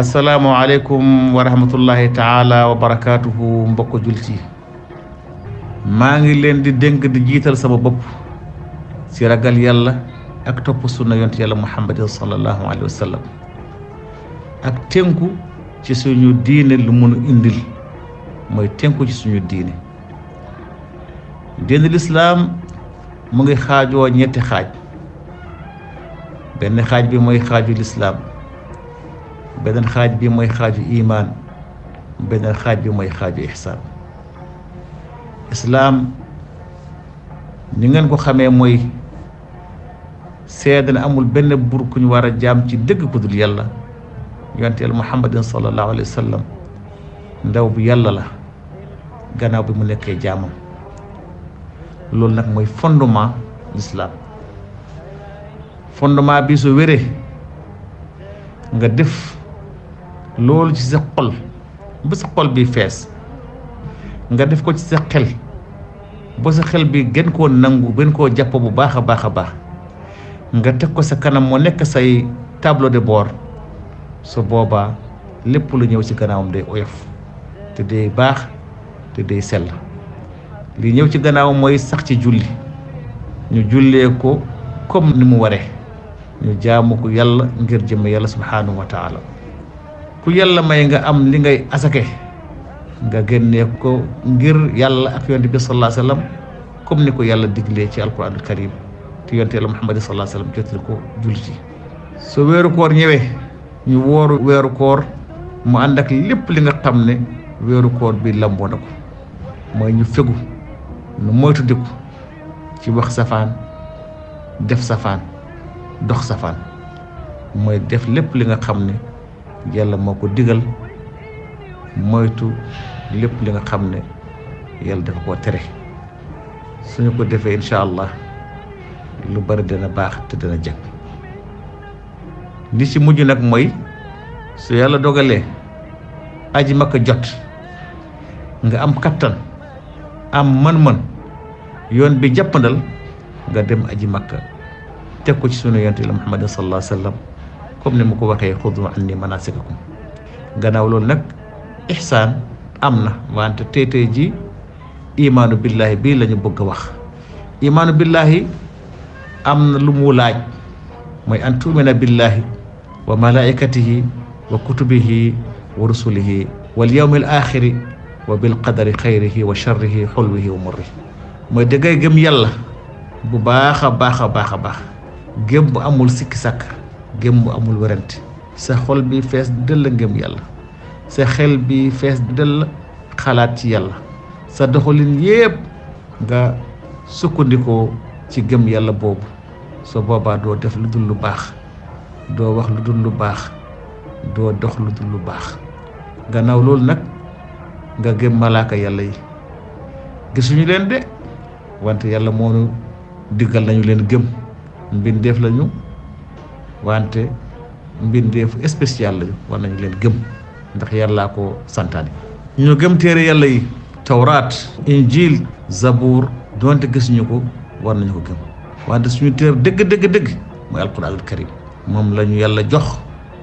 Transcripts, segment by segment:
asalaamualeykum wa rahmatullahi taala wa barakaatuhu mbokk julti maa ngi leen di dénk di jiital sama bopp ci ragal yàlla ak topp sunna yont yàlla muhammadin sallallahu alayhi wa sallam ak tënku ci suñu diine lu mun indil mooy tenku ci suñu diine diine lislaam mu ngi xaajoo ñetti xaaj benn xaaj bi mooy xaaju lislaam beneen xaaj bi mooy xaaju imaan beneen xaaj bi mooy xaaju ixsaan islaam ni ngeen ko xamee mooy seede na amul benn buur ku ñu war a jaam ci dëgg ku dul yàlla yonent yàlla muhammadin sallallahu alayhi wa sallam ndaw bu yàlla la gannaaw bi mu nekkee jaamam loolu nag mooy fondement l'islam fondement bi su wéree nga def loolu ci sa xol ba sa xol bi fees nga def ko ci sa xel ba sa xel bi gën koo nangu gën koo jàpp bu baax a baax a baax nga teg ko sa kanam mu nekk say tableau de bord su boobaa lépp lu ñëw ci gannaawam day oyof te day baax te day sell li ñëw ci gannaawam mooy sax ci julli ñu jullee ko comme ni mu waree ñu jaamu ko yàlla ngir jëmm yàlla subhaanahu wa ku yàlla may nga am li ngay asake nga génnee ko ngir yàlla ak yonte bi sallallahu comme ni ko yàlla diglee ci alquranul karim te yonte yàlla muhammad sallallahu alayhi ko jullit so weeru koor ñëwee ñu wooru weeru koor mu ànd lépp li nga xam ne weeru koor bi lamboo na ko mooy ñu fegu nu moytu dikku ci wax safaan def safaan dox safaan mooy def lépp li nga xam ne yàlla moo ko digal moytu lépp li nga xam ne yàlla dafa ko tere suñu ko defee incha allah lu bari dana baax te dana jag li ci mujj nag mooy su yàlla dogalee aji makka jot nga am kattan am man man yoon bi jàppandal nga dem aji makka تكو سونو يانتي محمد صلى الله عليه وسلم كوم ني مكو واخي خذوا عني مناسككم غناو لول نك احسان امنا وانت تيتي جي ايمان بالله بي لا نيو بوغ واخ ايمان بالله امنا لومو لاج موي ان تومن بالله وملائكته وكتبه ورسله واليوم الاخر وبالقدر خيره وشره حلوه ومره ما دغاي گم يالا بو باخا باخا باخا باخا gem bu amul sikki sak gem bu amul werante sa xol bi fess deul ngëm yalla sa xel bi fess deul xalaat ci yalla sa doxalin yeb nga sukkandikoo ci gem yalla bobu so boba do def lu dul lu bax do wax lu dul lu bax do dox lu dul lu bax ganaw lol nak nga gem malaka yalla yi gisunu len de wante diggal nañu len gem mbindeef lañu wante mbindeefu spécial lañu war nañu leen gëm ndax yàllaa ko santaane ñu gëm téere yàlla yi tawraat injil zabuur donte gisuñu ko war nañu ko gëm wante suñu téere dëgg dëgg dëgg mooy alquraanul karim moom la ñu yàlla jox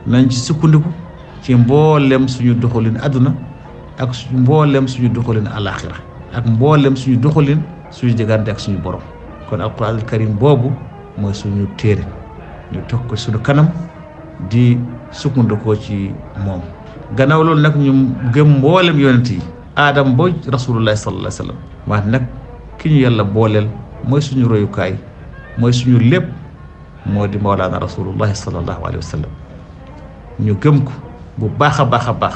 nañ ci sukkandiku ci mboolem suñu doxalin àdduna ak mboolem suñu doxalin alaxira ak mboolem suñu doxalin suñu jëgante ak suñu borom kon alquraanul karim boobu mooy suñu téere ñu teg ko suñu kanam di sukkandikoo ci moom gannaaw loolu nag ñu gëm mboolem yonent yi aadam boo rasulullahi sallallahu alayhi wa sallam waat nag ki ñu yàlla booleel mooy suñu royukaay mooy suñu lépp moo di mawlaana rasulullahi sallallahu alayhi wa sallam ñu gëm ko bu baax a baax a baax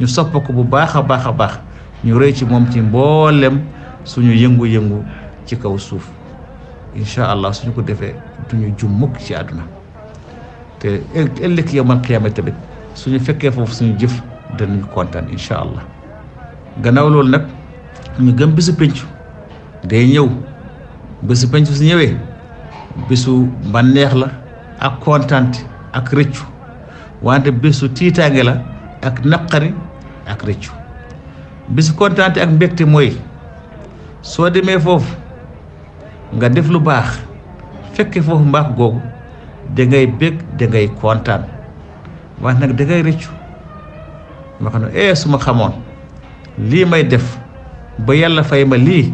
ñu sopp ko bu baax a baax a baax ñu rëy ci moom ci mboolem suñu yëngu-yëngu ci kaw suuf incha allah suñu ko defee duñu jum mukk ci àdduna te ëllëg yowmal qiyaama tamit suñu fekkee foofu suñu jëf danañ kontaan incha allah gannaaw loolu nag ñu gëm bisu pencu day ñëw bisu pencu su ñëwee bisu bànneex la ak kontaante ak rëccu wante bisu tiitaange la ak naqari ak rëccu bisu kontaante ak mbégte mooy soo demee foofu nga def lu baax fekke fofu mbax googu da ngay bég da ngay kontaan wax nag da ngay rëccu ma xam ne eh su xamoon lii may def ba yàlla fay ma lii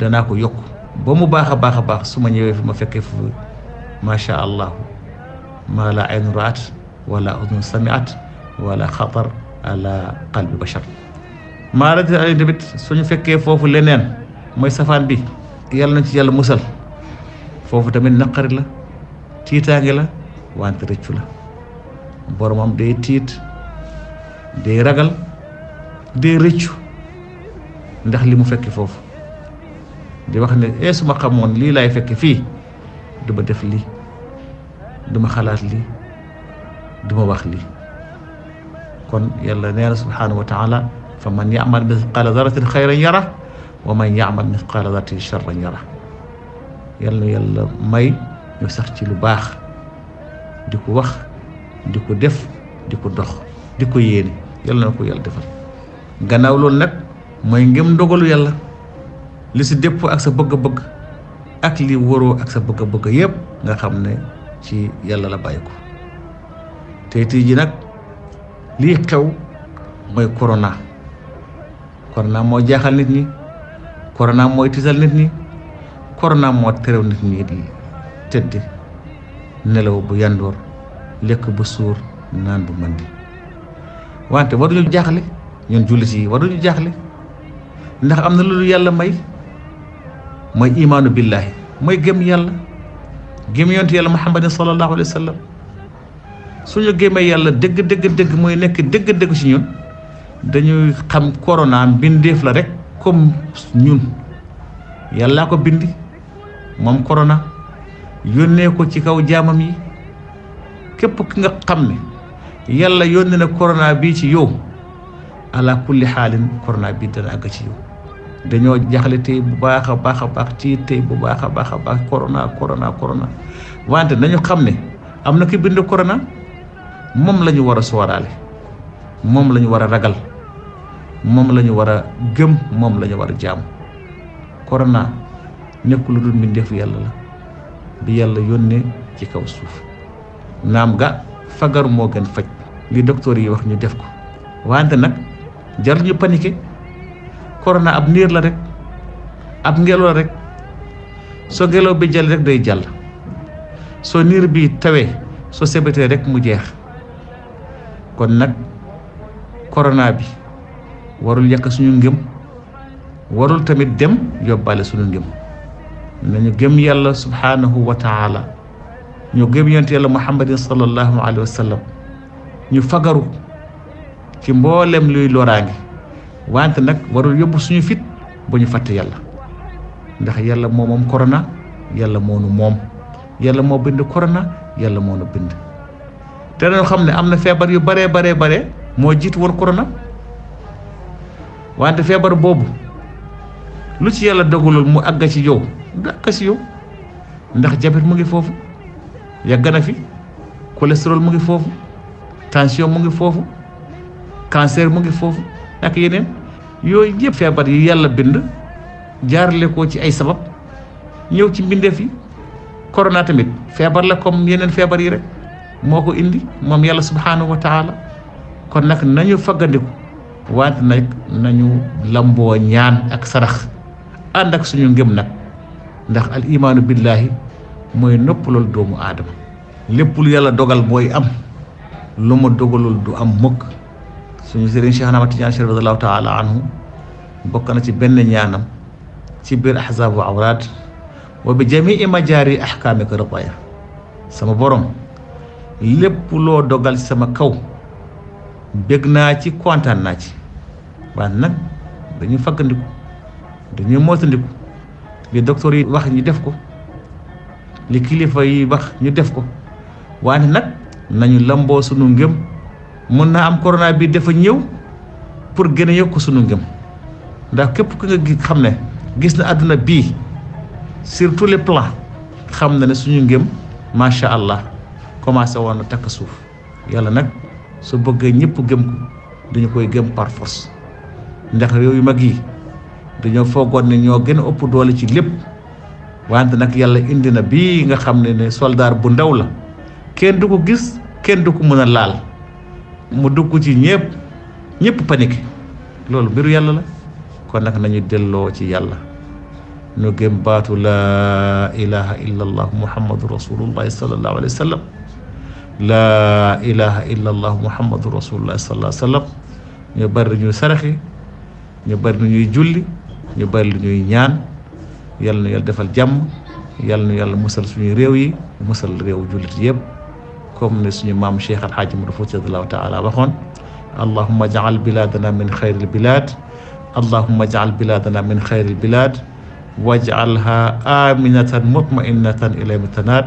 danaa ko yokk ba mu baax a baax a baax su ma ñëwee fi ma fekkee fu macha allah ma la ayn raat wala udun samiat wala xatar ala qalbi bachar maa la tamit suñu fekkee foofu leneen mooy safaan bi يلا نتي يلا مسل فوف تامين نقر لا تيتانغ لا وانت ريتش لا بورمام دي تيت دي راغال دي ريتشو ندخ لي مو فك فوف دي واخ ني اي سما خامون لي لاي فك في دوما ديف لي دوما خلات لي دوما واخ لي كون يلا نير سبحانه وتعالى فمن يعمل مثقال ذره خيرا يره wa man yaamal mithqaala a sharran yara yàlla yàlla may ñu sax ci lu baax di ko wax di ko def di ko dox di ko yéene yàlla na ko yàlla defal gannaaw loolu nag mooy ngëm dogalu yàlla li si dëppoo ak sa bëgg-bëgg ak li waroo ak sa bëgg-bëgg yépp nga xam ne ci yàlla la bàyyi ko tey tey ji nag lii xew mooy corona corona moo jaaxal nit ñi corona mooy tiital nit ñi corona moo terew nit ñi di tëdd nelaw bu yandoor lekk bu suur naan bu mandi wante waruñu jaaxle ñun jullit yi waruñu jaaxle ndax am na loolu yàlla may mooy imaanu billaahi mooy gëm yàlla gëm yonent yàlla muhammadin sallallahu alayhi wa su suñu gëmee yàlla dëgg dëgg dëgg mooy nekk dëgg dëgg ci ñun dañuy xam corona mbindeef la rek comme ñun yàllaa ko bind moom korona yónnee ko ci kaw jaamam yi képp ki nga xam ni yàlla yónne na korona bii ci yow ala kulli xaalin korona bii dana àgg ci yow dañoo jaxle tey bu baax a baax a baax ci tey bu baax a baax a baax korona korona korona wante dañu xam ne am na ki bind korona moom la ñu war a sooraale moom lañu ñu war a ragal mom lañu wara gëm mom lañu wara war corona korona nekkul lu dul mbindeefu yalla la bi yalla yonne ci kaw suuf naam ga fagar mo gën fajj li docteur yi wax ñu def ko wante nak jar ñu paniquer korona ab niir la rek ab ngelaw rek so bi jël rek day jall so niir bi tawé so sebeté rek mu jeex kon nak corona bi warul yak suñu ngëm warul tamit dem yobale suñu ngëm nañu gëm yàlla subhanahu wa taala ñu gëm yent yàlla muhammad sallallahu alaihi wasallam ñu fagaru ci mbollem luy loraange want nak warul yob suñu fit buñu fàtte yàlla ndax yàlla moo moom corona yàlla moo mom yàlla mo bind corona yàlla moo bind te dañoo xamné amna fébar yu bare bare bare mo jitt won corona. wante feebar boobu lu ci yàlla dogalul mu àgg ci yow du àgg ci yow ndax jabet mu ngi foofu yàgg na fi cholestérol mu ngi foofu tension mu ngi foofu cancer mu ngi foofu ak yeneen yooyu yëpp feebar yi yàlla bind jaarle ko ci ay sabab ñëw ci mbindeef yi corona tamit feebar la comme yeneen feebar yi rek moo ko indi moom yàlla subhanahu wa kon nag nañu faggandiku waante nag nañu lamboo ñaan ak sarax ànd ak suñu ngëm nag ndax al imaanu billaahi mooy noppalal doomu aadama lépp lu yàlla dogal mooy am lu ma dogalul du am mukk suñu sëriñ Cheikh Ahmad Tijaan Chérif radiyallaahu anhu bokk na ci benn ñaanam ci biir ahzaabu awraad wa bi jamii majaari ahkaamika sama borom lépp loo dogal sama kaw bég naa ci kontaan naa ci waaye nag dañu fakkandiku dañu moytandiku li docteur yi wax ñu def ko li kilifa yi wax ñu def ko waaye nag nañu lamboo sunu ngëm mën naa am corona bi dafa ñëw pour gën a yokk sunu ngëm ndax képp ku nga xam ne gis na àdduna bii surtout le les xam na ne suñu ngëm macha allah commencé woon na takk suuf yàlla nag. su bëggee ñëpp gëm ko dañu koy gëm par force ndax réew yu mag yi dañoo foogoon ne ñoo gën a ëpp doole ci lépp wante nag yàlla indi na bii nga xam ne ne soldaar bu ndaw la kenn du ko gis kenn du ko mën a laal mu dugg ci ñëpp ñëpp panique loolu mbiru yàlla la kon nag nañu delloo ci yàlla nu gëm baatu la ilaha illallah muhammadur muhammadu rasulullahi sallallahu alayhi wa sallam لا إله إلا الله محمد رسول الله صلى الله عليه وسلم نبر نيو سرخي نبر نيو جولي نبر نيو نيان يلن يل دفل جم يلن يل مسل سني ريوي مسل ريو جولي ريب كم نسني مام شيخ الحاج مرفوط يد الله تعالى بخون اللهم اجعل بلادنا من خير البلاد اللهم اجعل بلادنا من خير البلاد واجعلها آمنة مطمئنة إلى متناد